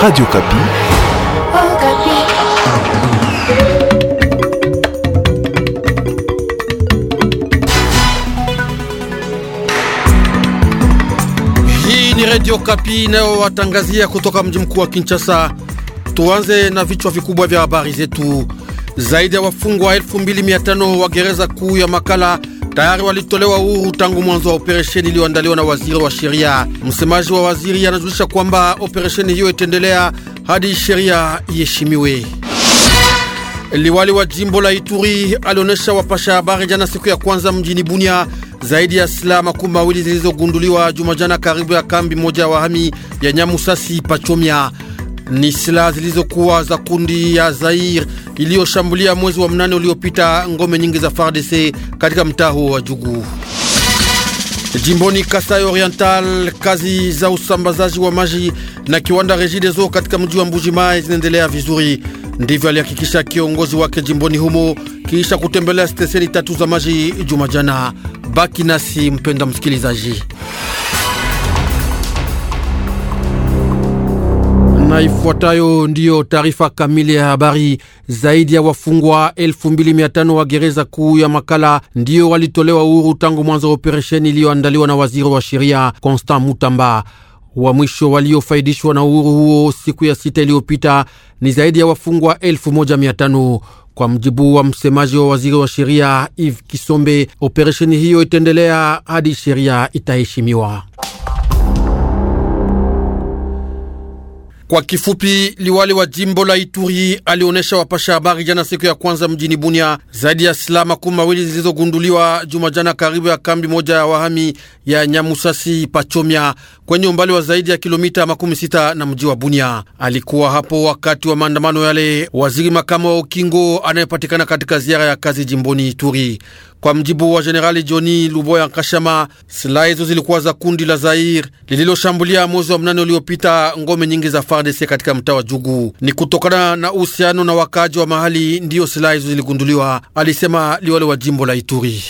Radio Kapi. Oh, Kapi. Hii ni Radio Kapi watangazia kutoka mji mkuu wa Kinshasa. Tuanze na vichwa vikubwa vya habari zetu. Zaidi ya wafungwa 2500 wa gereza kuu ya Makala tayari walitolewa uhuru tangu mwanzo wa operesheni iliyoandaliwa na waziri wa sheria. Msemaji wa waziri anajulisha kwamba operesheni hiyo itaendelea hadi sheria iheshimiwe. Liwali wa jimbo la Ituri alionyesha wapasha habari jana siku ya kwanza mjini Bunia zaidi ya silaha makumi mawili zilizogunduliwa jumajana karibu ya kambi moja ya wahami ya Nyamusasi Pachomya ni silaha zilizokuwa za kundi ya Zair iliyoshambulia mwezi wa mnane uliopita ngome nyingi za FARDC katika mtaa huo wa Jugu. Jimboni Kasai Oriental, kazi za usambazaji wa maji na kiwanda Regideso katika mji wa Mbuji Mai zinaendelea vizuri. Ndivyo alihakikisha kiongozi wake jimboni humo kisha kutembelea stesheni tatu za maji jumajana bakinasi Baki nasi mpenda msikilizaji. ifuatayo ndiyo taarifa kamili ya habari. Zaidi ya wafungwa 2500 wa gereza kuu ya Makala ndiyo walitolewa uhuru tangu mwanzo wa operesheni iliyoandaliwa na waziri wa sheria Constant Mutamba. Wa mwisho waliofaidishwa na uhuru huo siku ya sita iliyopita ni zaidi ya wafungwa 1500. Kwa mjibu wa msemaji wa waziri wa sheria eve Kisombe, operesheni hiyo itaendelea hadi sheria itaheshimiwa. Kwa kifupi, liwali wa jimbo la Ituri alionyesha wapasha habari jana siku ya kwanza mjini Bunia zaidi ya silaha makumi mawili zilizogunduliwa juma jana karibu ya kambi moja ya wahami ya Nyamusasi pachomia kwenye umbali wa zaidi ya kilomita makumi sita na mji wa Bunia. Alikuwa hapo wakati wa maandamano yale waziri makamu wa ukingo anayepatikana katika ziara ya kazi jimboni Ituri. Kwa mjibu wa Jenerali Johni Luboya Nkashama, silaha hizo zilikuwa za kundi la Zair lililoshambulia mwezi wa mnane uliopita ngome nyingi za FARDC katika mtaa wa Jugu. Ni kutokana na uhusiano na wakaaji wa mahali ndiyo silaha hizo ziligunduliwa, alisema liwale wa jimbo la Ituri.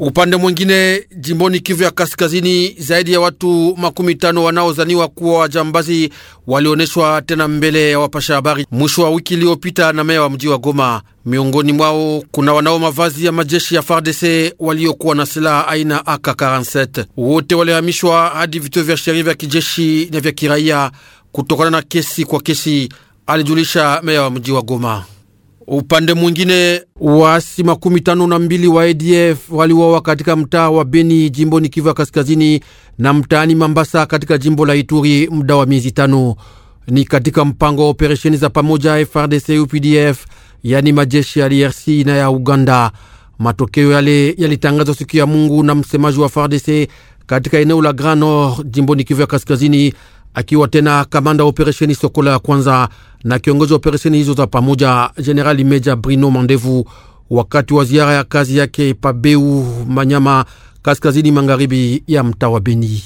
Upande mwingine, jimboni Kivu ya Kaskazini, zaidi ya watu makumi tano wanaozaniwa kuwa wajambazi walioneshwa tena mbele ya wapasha habari mwisho wa wiki iliyopita na meya wa mji wa Goma. Miongoni mwao kuna wanao mavazi ya majeshi ya FARDC waliokuwa na silaha aina AK47. Wote walihamishwa hadi vituo vya sheria vya kijeshi na vya kiraia kutokana na kesi kwa kesi, alijulisha meya wa mji wa Goma. Upande mwingine waasi makumi tano na mbili wa ADF waliwawa katika mtaa wa Beni jimboni Kivu ya kaskazini na mtaani Mambasa katika jimbo la Ituri muda wa miezi tano. Ni katika mpango wa operesheni za pamoja FRDC UPDF, yani majeshi ya DRC na ya Uganda. Matokeo yale yalitangazwa siku ya Mungu na msemaji wa FRDC katika eneo la Grand Nord jimboni Kivu ya kaskazini akiwa tena kamanda wa operesheni Sokola ya kwanza na kiongozi wa operesheni hizo za pamoja Jenerali Meja Brino Mandevu wakati wa ziara ya kazi yake Pabeu Manyama, kaskazini magharibi ya mtaa wa Beni.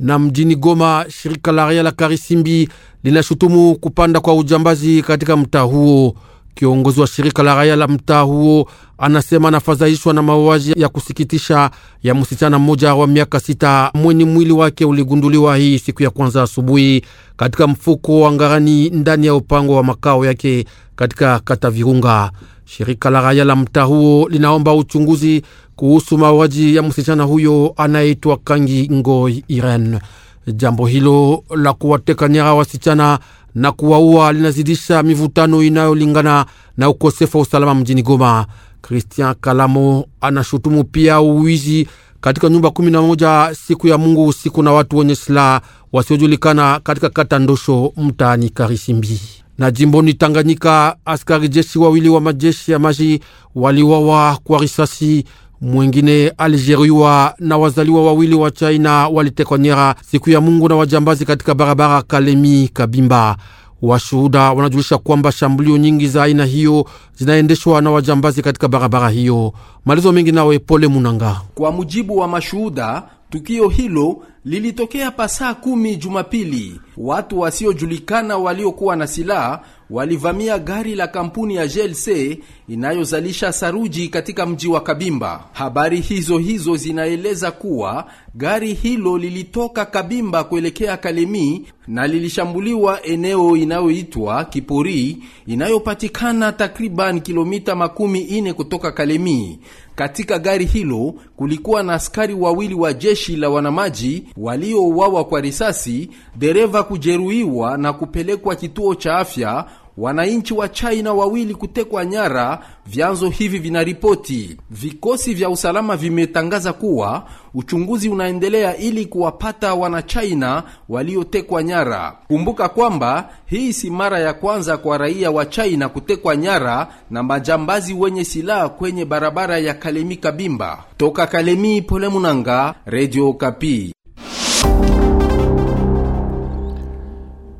Na mjini Goma, shirika la raia la Karisimbi linashutumu kupanda kwa ujambazi katika mtaa huo. Kiongozi wa shirika la raia la mtaa huo anasema anafadhaishwa na mauaji ya kusikitisha ya msichana mmoja wa miaka sita mwenye mwili wake uligunduliwa hii siku ya kwanza asubuhi katika mfuko wa ngarani ndani ya upango wa makao yake katika kata Virunga. Shirika la raia la mtaa huo linaomba uchunguzi kuhusu mauaji ya msichana huyo anayeitwa Kangi Ngoi Irene. Jambo hilo la kuwateka nyara wasichana na kuwaua linazidisha mivutano inayolingana na ukosefu wa usalama mjini Goma. Christian Kalamo anashutumu pia uwizi katika nyumba kumi na moja siku ya Mungu usiku na watu wenye silaha wasiojulikana katika kata Ndosho mtaani Karisimbi. Na jimboni Tanganyika, askari jeshi wawili wa majeshi ya maji waliwawa kwa risasi mwingine alijeruhiwa na wazaliwa wawili wa China walitekwa nyara siku ya Mungu na wajambazi katika barabara Kalemi Kabimba. Washuhuda wanajulisha kwamba shambulio nyingi za aina hiyo zinaendeshwa na wajambazi katika barabara hiyo. malizo mengi nawe Pole Munanga. Kwa mujibu wa mashuhuda, tukio hilo lilitokea pasaa kumi Jumapili. Watu wasiojulikana waliokuwa na silaha walivamia gari la kampuni ya GLC inayozalisha saruji katika mji wa Kabimba. Habari hizo hizo zinaeleza kuwa gari hilo lilitoka Kabimba kuelekea Kalemi na lilishambuliwa eneo inayoitwa Kipori inayopatikana takriban kilomita makumi ine kutoka Kalemi. Katika gari hilo kulikuwa na askari wawili wa jeshi la wanamaji waliouawa kwa risasi, dereva kujeruhiwa na kupelekwa kituo cha afya wananchi wa China wawili kutekwa nyara, vyanzo hivi vinaripoti. Vikosi vya usalama vimetangaza kuwa uchunguzi unaendelea ili kuwapata wanachina waliotekwa nyara. Kumbuka kwamba hii si mara ya kwanza kwa raia wa China kutekwa nyara na majambazi wenye silaha kwenye barabara ya Kalemi Kabimba. Toka Kalemi, Pole Munanga, Radio Kapi.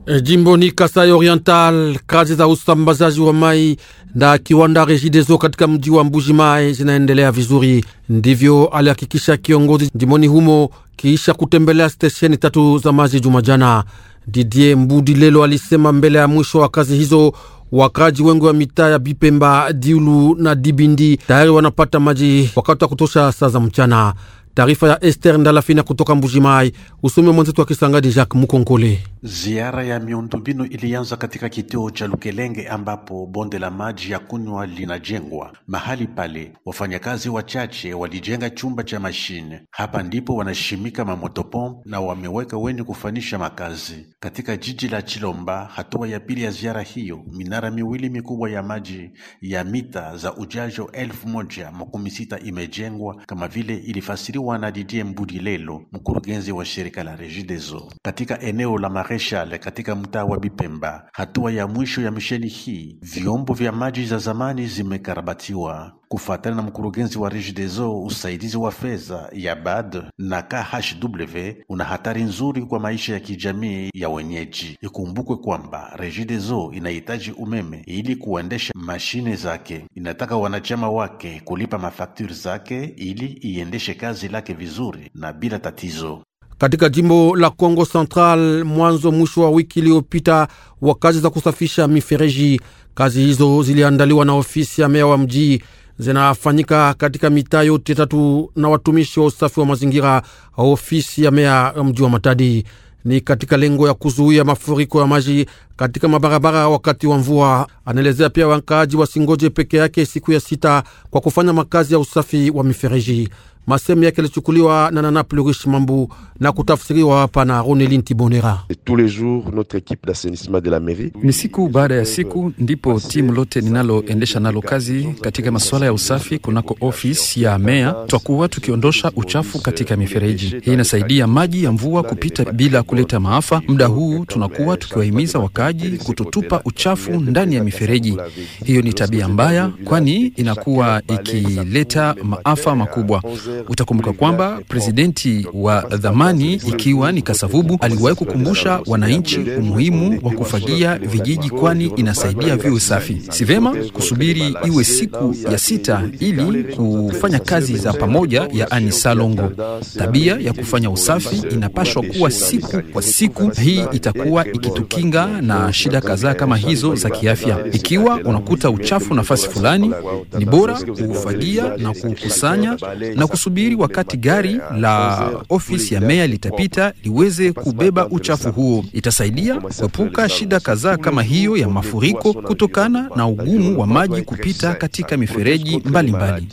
Eh, jimboni Kasai Oriental, kazi za usambazaji wa mai na kiwanda Regideso katika mji wa Mbuji Mai zinaendelea vizuri. Ndivyo alihakikisha kiongozi jimboni humo kiisha kutembelea stesheni tatu za maji jumajana didie Mbudi Lelo alisema mbele ya mwisho wa kazi hizo wakaji wengi wa mitaa ya Bipemba, Diulu na Dibindi tayari wanapata maji wakati wa kutosha saa za mchana. Taarifa ya Ester Ndalafina kutoka Mbujimai, usome mwenzetu wa Kisangani Jacques Mukonkole. Ziara ya miundombinu ilianza katika kituo cha Lukelenge ambapo bonde la maji ya kunywa linajengwa. Mahali pale wafanyakazi wachache walijenga chumba cha mashine. Hapa ndipo wanashimika mamotopomp na wameweka weni kufanisha makazi. Katika jiji la Chilomba, hatua ya pili ya ziara hiyo, minara miwili mikubwa ya maji ya mita za ujazo elfu moja makumi sita imejengwa kama vile ilifasiriwa akiwa na Didie Mbudilelo, mkurugenzi wa shirika la Regideso katika eneo la Mareshal katika mtaa wa Bipemba. Hatua ya mwisho ya misheni hii, vyombo vya maji za zamani zimekarabatiwa kufuatana na mkurugenzi wa Regideso, usaidizi wa fedha ya BAD na KHW una hatari nzuri kwa maisha ya kijamii ya wenyeji. Ikumbukwe kwamba Regideso inahitaji umeme ili kuendesha mashine zake, inataka wanachama wake kulipa mafakturi zake ili iendeshe kazi lake vizuri na bila tatizo. Katika jimbo la Kongo Central, mwanzo mwisho wa wiki iliyopita wa kazi za kusafisha mifereji. Kazi hizo ziliandaliwa na ofisi ya meya wa mji zinafanyika katika mitaa yote tatu na watumishi wa usafi wa mazingira wa ofisi ya meya ya mji wa Matadi. Ni katika lengo ya kuzuia mafuriko ya maji katika mabarabara wakati wa mvua. Anaelezea pia wakaaji wasingoje peke yake siku ya sita kwa kufanya makazi ya usafi wa mifereji. Masemu yake yalichukuliwa na Nana Plurish Mambu na kutafsiriwa hapa na Ronelin Tibonera. Ni siku baada ya siku ndipo timu lote ninaloendesha nalo kazi katika masuala ya usafi kunako ofisi ya meya, twakuwa tukiondosha uchafu katika mifereji hii. Inasaidia maji ya mvua kupita bila kuleta maafa. Muda huu tunakuwa tukiwahimiza wakaaji kutotupa uchafu ndani ya mifereji. Hiyo ni tabia mbaya, kwani inakuwa ikileta maafa makubwa. Utakumbuka kwamba presidenti wa dhamani ikiwa ni Kasavubu aliwahi kukumbusha wananchi umuhimu wa kufagia vijiji, kwani inasaidia vio usafi Si vema kusubiri iwe siku ya sita ili kufanya kazi za pamoja, yaani salongo. Tabia ya kufanya usafi inapashwa kuwa siku kwa siku. Hii itakuwa ikitukinga na shida kadhaa kama hizo za kiafya. Ikiwa unakuta uchafu nafasi fulani, ni bora kuufagia na kuukusanya na kusubiri tunasubiri wakati gari la ofisi ya meya litapita liweze kubeba uchafu huo. Itasaidia kuepuka shida kadhaa kama hiyo ya mafuriko kutokana na ugumu wa maji kupita katika mifereji mbalimbali.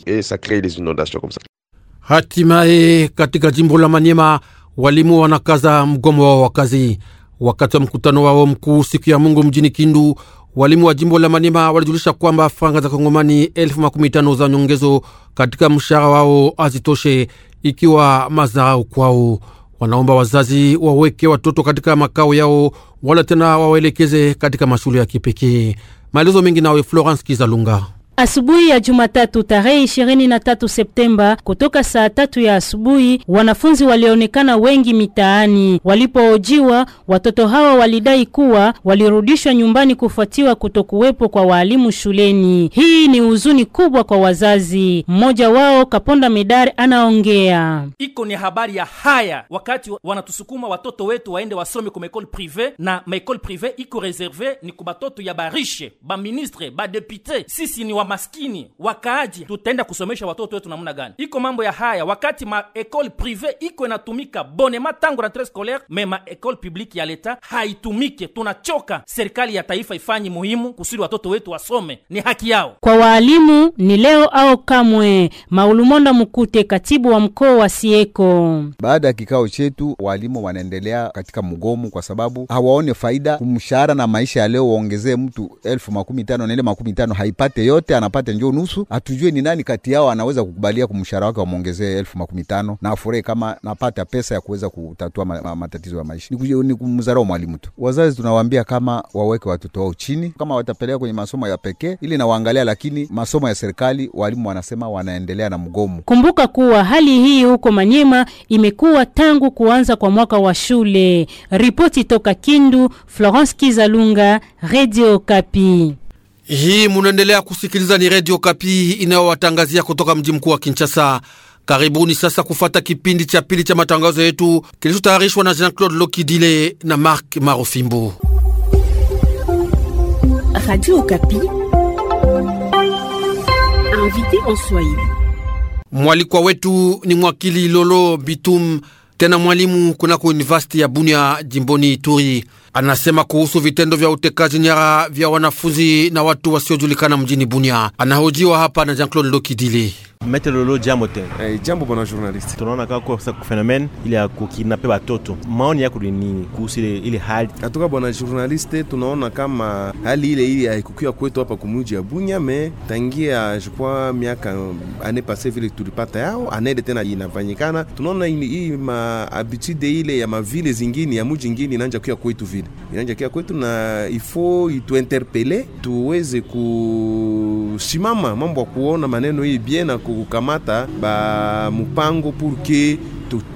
Hatimaye, katika jimbo la Manyema walimu wanakaza mgomo wao wa kazi wakati wa mkutano wao mkuu siku ya Mungu mjini Kindu. Walimu wa jimbo la manema walijulisha kwamba franga za kongomani elfu makumi tano za nyongezo katika mshahara wao hazitoshe, ikiwa mazarau kwao. Wanaomba wazazi waweke watoto katika makao yao, wala tena wawaelekeze katika mashule ya kipekee. Maelezo mengi nawe Florence Kizalunga. Asubuhi ya Jumatatu tarehe 23 Septemba, kutoka saa tatu ya asubuhi, wanafunzi walionekana wengi mitaani. Walipoojiwa, watoto hawa walidai kuwa walirudishwa nyumbani kufuatiwa kutokuwepo kwa waalimu shuleni. Hii ni huzuni kubwa kwa wazazi. Mmoja wao Kaponda Medari anaongea. Iko ni habari ya haya wakati wanatusukuma watoto wetu waende wasome kwa maekole prive, na maekole prive iko reserve ni kwa batoto ya barishe, ba ministre, ba Sisi ni wa maskini wakaaji, tutaenda kusomesha watoto wetu namna gani? Iko mambo ya haya, wakati ma ekole prive iko inatumika bonema tangu rentree scolaire, me ma ekole publique ya leta haitumike. Tunachoka, serikali ya taifa ifanyi muhimu kusudi watoto wetu wasome, ni haki yao. Kwa waalimu ni leo au kamwe. Maulumonda Mukute, katibu wa mkoa wa Sieko: baada ya kikao chetu, waalimu wanaendelea katika mgomo kwa sababu hawaone faida kumshahara na maisha ya leo. Waongezee mtu elfu makumi tano naende makumi tano haipate yote anapata njoo nusu, atujue ni nani kati yao anaweza kukubalia kumshahara wake wamwongezee elfu makumi tano na afurahi kama napata pesa ya kuweza kutatua ma, ma, matatizo ya maisha. Ni kumdharau mwalimu tu. Wazazi tunawaambia kama waweke watoto wao chini, kama watapeleka kwenye masomo ya pekee ili nawaangalia, lakini masomo ya serikali walimu wanasema wanaendelea na mgomo. Kumbuka kuwa hali hii huko Manyema imekuwa tangu kuanza kwa mwaka wa shule. Ripoti toka Kindu, Florence Kizalunga, Radio Kapi. Hii munaendelea kusikiliza, ni redio Kapi inayowatangazia kutoka mji mkuu wa Kinshasa. Karibuni sasa kufata kipindi cha pili cha matangazo yetu kilichotayarishwa na Jean-Claude Lokidile na marc Marofimbo. Radio Kapi invité en Swahili. Mwalikwa wetu ni mwakili Lolo Bitum, tena mwalimu kunako University ya Bunia jimboni Ituri anasema kuhusu vitendo vya utekaji nyara vya wanafunzi na watu wasiojulikana mjini Bunia. Anahojiwa hapa na Jean-Claude Lokidili. Maitre Lolo, jambo tena. Hey, eh, jambo bwana journalist. Tunaona kama kwa sababu phenomenon ile ya kukidnap watoto. Maoni yako ni nini kuhusu ile ile hali? Atoka bwana journalist, tunaona kama hali ile ile haikukiwa kwetu hapa kumuji ya Bunya me tangia jukwa miaka ane passe vile tulipata yao, anaende tena inafanyikana. Tunaona hii ma habitude ile ya mavile zingine ya muji ngine inaanza kuwa kwetu vile. Inaanza kuwa kwetu na ifo itu interpele tuweze kusimama mambo ya kuona maneno hii bien na ku kukamata ba mupango pour que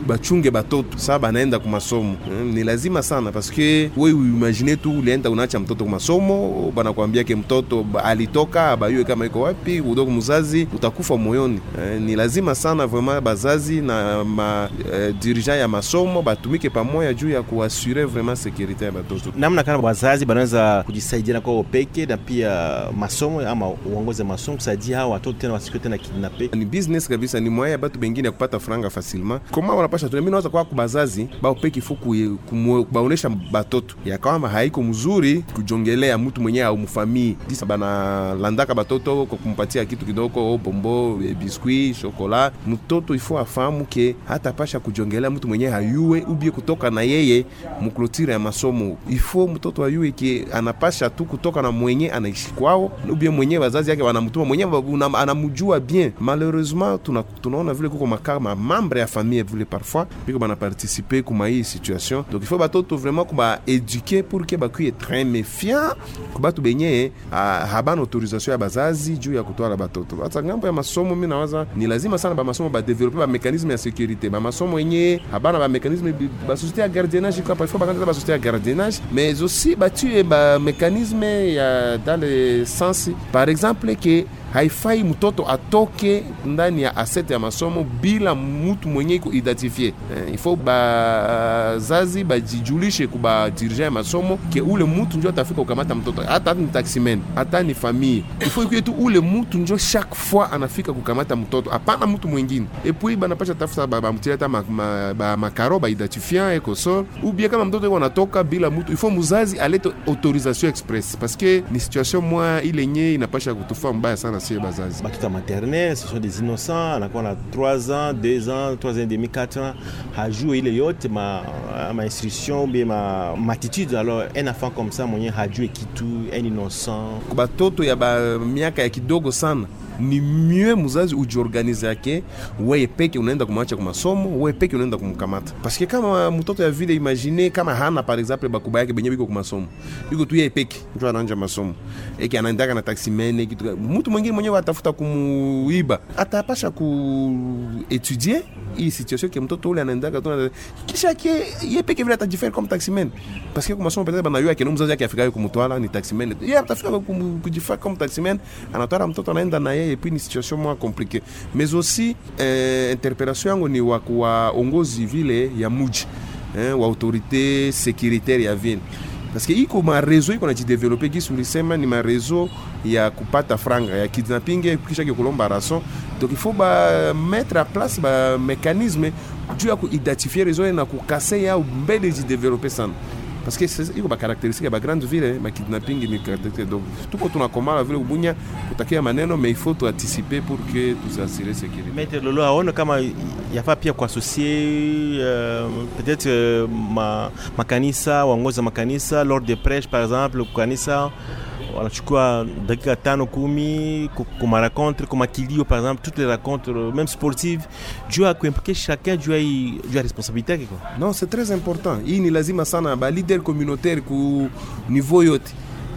bachunge batoto sa banaenda ku masomo eh, ni lazima sana, paske we uimagine tu ulienda unacha mtoto ku masomo, banakwambia ke mtoto alitoka abayue kama iko wapi, udogo mzazi utakufa moyoni. Eh, ni lazima sana vraiment bazazi na ma, eh, dirija ya masomo batumike pamoja juu ya kuasure vraiment sekurite ya batoto. Namna kana bazazi banaweza kujisaidia kwa peke na pia masomo ama uongozi wa masomo kusaidia hawa watoto tena wasikuwe tena kidnape. Ni business kabisa, ni mwaya batu bengine ya kupata franga facilement kama wanapasha tu mimi naweza kwa kubazazi peki fuku kumuonesha batoto ya kama haiko mzuri kujongelea mtu mwenyewe au mfami disa bana landaka batoto kwa kumpatia kitu kidogo bombo eh, biscuit chocolat Mtoto ifo afamu ke hata pasha kujongelea mtu mwenyewe hayue ubie kutoka na yeye mklotira ya masomo. Ifo mtoto ayue ke anapasha tu kutoka na mwenye anaishi kwao ubie mwenyewe wazazi yake wanamtuma mwenyewe anamjua bien. Malheureusement tunaona vile kuko makama mambre ya famille vile parfois biko bana participer kuma hii situation donc il faut batoto vraiment va éduquer pour que est très méfiant qu'on baigner hein, à habana autorisation à bazazi juu ya kutwala batoto hata ngambo ya masomo mimi nawaza ni lazima sana ba masomo ba développer ba mécanisme de sécurité ba masomo yenye habana ba mécanisme de société à gardiennage kwa parfois bakanda ba société à gardiennage mais aussi batue ba mécanisme dans le sens par exemple que haifai mtoto atoke ndani ya asete ya masomo bila mutu mwenye iko identifie. Eh, ifo bazazi bajijulishe kuba dirija ya masomo ke ule mtu njo atafika kukamata mtoto, hata ni taximen, hata ni famille, ifo ikuye tu ule mtu njo chaque fois anafika kukamata mtoto, hapana mtu mwingine. Epui banapasha tafuta bamtia hata bamakaro baidentifiant ekosor ubie kama mtoto iko anatoka bila mtu, ifo muzazi alete autorisation express, paske ni situation mwa ile nye inapasha kutufaa mbaya sana. Je bazazi bah, en maternelle ce sont des innocents on a 3 ans 2 ans 3 ans et demi 4 ans hajue ile yote ma, ma instruction ubie ma, attitude alors un enfant comme ça mwenye hajue kitu un innocent batoto ya ba miaka ya kidogo sana ni mie mzazi ujiorganize yake wewe peke, unaenda kumwacha kwa masomo, wewe peke unaenda kumkamata, paske kama mtoto ya vile imagine kama hana par exemple bakuba yake benye biko kwa masomo, biko tu yeye peke ndio anaanja masomo eki anaendaka na taxi mene kitu, mtu mwingine mwenyewe atafuta kumuiba, atapasha ku etudier hii situation ke mtoto ule anaendaka tu kisha ke yeye peke vile atajifanya kama taxi man, paske kwa masomo pekee bana yake, mzazi yake afikayo kumtwala ni taxi man, yeye atafika kujifanya kama taxi man, anatwala mtoto anaenda na ye et puis une situation moins compliquée mais aussi interprétation euh, interpellation à ni civile, il vile ya muji eh, hein, wa autorité sécuritaire ya parce que iko marezo iko najidevelope a ulisema ni réseau ya kupata franga ya kidnapping kisha kikulomba rason donc il faut mettre à place ba mécanisme identifier ya réseaux et na les yao développer développer ça parce que c'est, iko bakarakteristika ba grande ville ma hein, kidnapping ni karakteristika donc tuko on vile ubunya kutakia maneno mais il faut anticiper pour que tu la sécurité Maître Lolo il y a pas pire qu'associer peut-être euh, ma ma makanisa waongoza makanisa lors des prêches par exemple kanisa wanachukua dakika tano kumi kuma comme kuma kilio par exemple toutes les rencontres, euh, même sportives Dieu a que chacun juu ya responsabilité yake kwa non c'est très important hii ni lazima sana ba leader communautaire ku niveau yote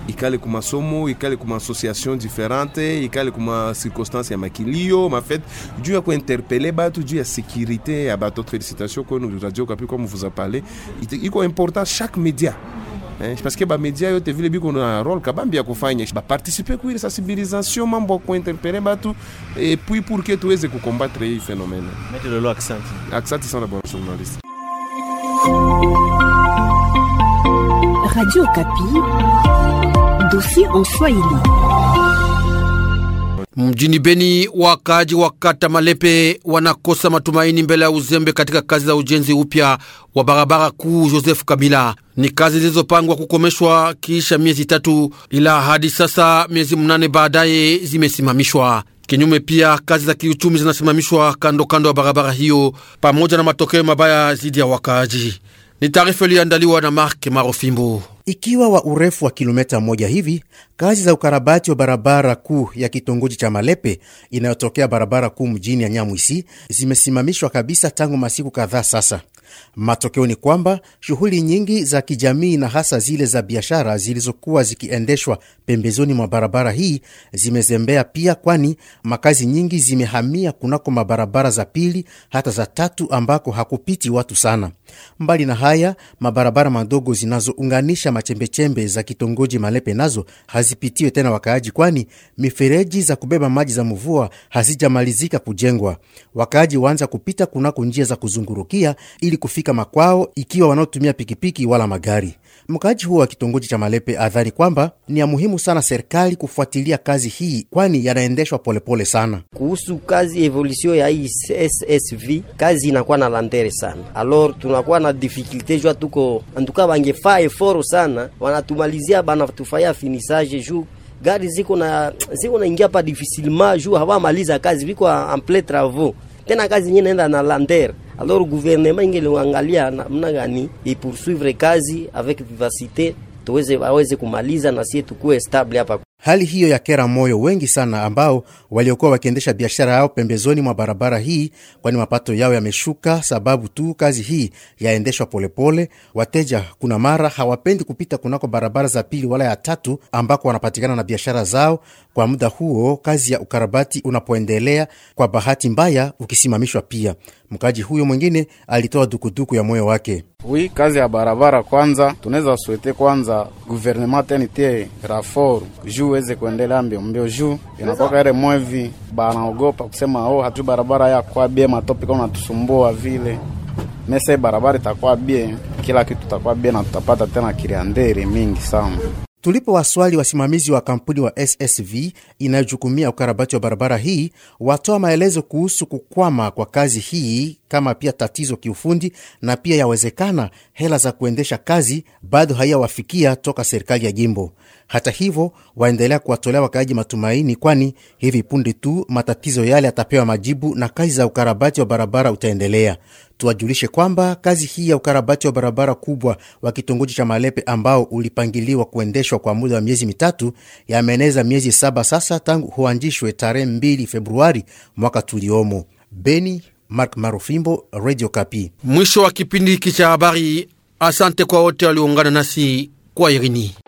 ikale somo, masomo ikale ku association différente ikale comme circonstance ya makilio mafete juu ya kuinterpele batu juu ya sécurité ya bato. Félicitations nous Radio Okapi, comme vous a parlé, est important chaque média eh, paske bamedia yote vile biko na role kabambi ya kufanya bapartisipe kuile sensibilisation mambo ya kuinterpele batu epui puis pour tuweze kukombatre hii phenomene. Mete aksanti. sana bwana journaliste. Radio Kapi, dossier en Swahili. Mjini Beni, wakaaji wa kata Malepe wanakosa matumaini mbele ya uzembe katika kazi za ujenzi upya wa barabara kuu Joseph Kabila. Ni kazi zilizopangwa kukomeshwa kisha miezi tatu, ila hadi sasa miezi mnane baadaye zimesimamishwa. Kinyume pia kazi za kiuchumi zinasimamishwa kando kando ya barabara hiyo, pamoja na matokeo mabaya dhidi ya wakaaji. Ni taarifa iliyoandaliwa na Mark Marofimbo. Ikiwa wa urefu wa kilomita moja hivi, kazi za ukarabati wa barabara kuu ya kitongoji cha Malepe inayotokea barabara kuu mjini ya Nyamwisi zimesimamishwa kabisa tangu masiku kadhaa sasa. Matokeo ni kwamba shughuli nyingi za kijamii na hasa zile za biashara zilizokuwa zikiendeshwa pembezoni mwa barabara hii zimezembea pia, kwani makazi nyingi zimehamia kunako mabarabara za pili hata za tatu ambako hakupiti watu sana. Mbali na haya, mabarabara madogo zinazounganisha machembechembe za kitongoji Malepe nazo hazipitiwe tena wakaaji, kwani mifereji za kubeba maji za mvua hazijamalizika kujengwa. Wakaaji waanza kupita kunako njia za kuzungurukia ili kufika makwao, ikiwa wanaotumia pikipiki wala magari. Mkaaji huo wa kitongoji cha Malepe adhani kwamba ni ya muhimu sana serikali kufuatilia kazi hii, kwani yanaendeshwa polepole sana. Kuhusu kazi evolution ya hii SSV, kazi inakuwa na landere sana, alor, tunakuwa na difficulte jua tuko antuka, wangefaa eforo sana, wanatumalizia banatufaya finisage juu gari ziko na ziko ingia pa difficilement juu hawamaliza kazi, viko en plein travaux, tena kazi yenyewe naenda na landere Alors gouvernement ingeliangalia namna gani ipursuivre kazi avec vivacité tuweze aweze kumaliza na sie tukue stable hapa. Hali hiyo ya kera moyo wengi sana ambao waliokuwa wakiendesha biashara yao pembezoni mwa barabara hii, kwani mapato yao yameshuka sababu tu kazi hii yaendeshwa polepole. Wateja kuna mara hawapendi kupita kunako barabara za pili wala ya tatu ambako wanapatikana na biashara zao. Kwa muda huo kazi ya ukarabati unapoendelea, kwa bahati mbaya ukisimamishwa pia. Mkaji huyo mwingine alitoa dukuduku ya moyo wake. Oui, kazi ya barabara kwanza tunaweza swete kwanza guvernema tenitie rafor juu weze kuendelea mbio mbio, juu inakwaka ile mwevi banaogopa kusema oh, hatu barabara ya kwa bie matopi kama natusumbua vile mese barabara itakuwa bie, kila kitu takuwa bie na tutapata tena kiriandere mingi sana. Tulipo waswali wasimamizi wa kampuni wa SSV inayojukumia ukarabati wa barabara hii, watoa maelezo kuhusu kukwama kwa kazi hii, kama pia tatizo kiufundi na pia yawezekana hela za kuendesha kazi bado haiyawafikia toka serikali ya jimbo. Hata hivyo, waendelea kuwatolea wakaaji matumaini, kwani hivi punde tu matatizo yale yatapewa majibu na kazi za ukarabati wa barabara utaendelea. Tuwajulishe kwamba kazi hii ya ukarabati wa barabara kubwa wa kitongoji cha Malepe ambao ulipangiliwa kuendeshwa kwa muda wa miezi mitatu yameeneza miezi saba sasa tangu huanjishwe tarehe 2 Februari mwaka tuliomo. Beni, Mark Marufimbo, Radio Kapi. Mwisho wa kipindi hiki cha habari. Asante kwa wote walioungana nasi kwa irini.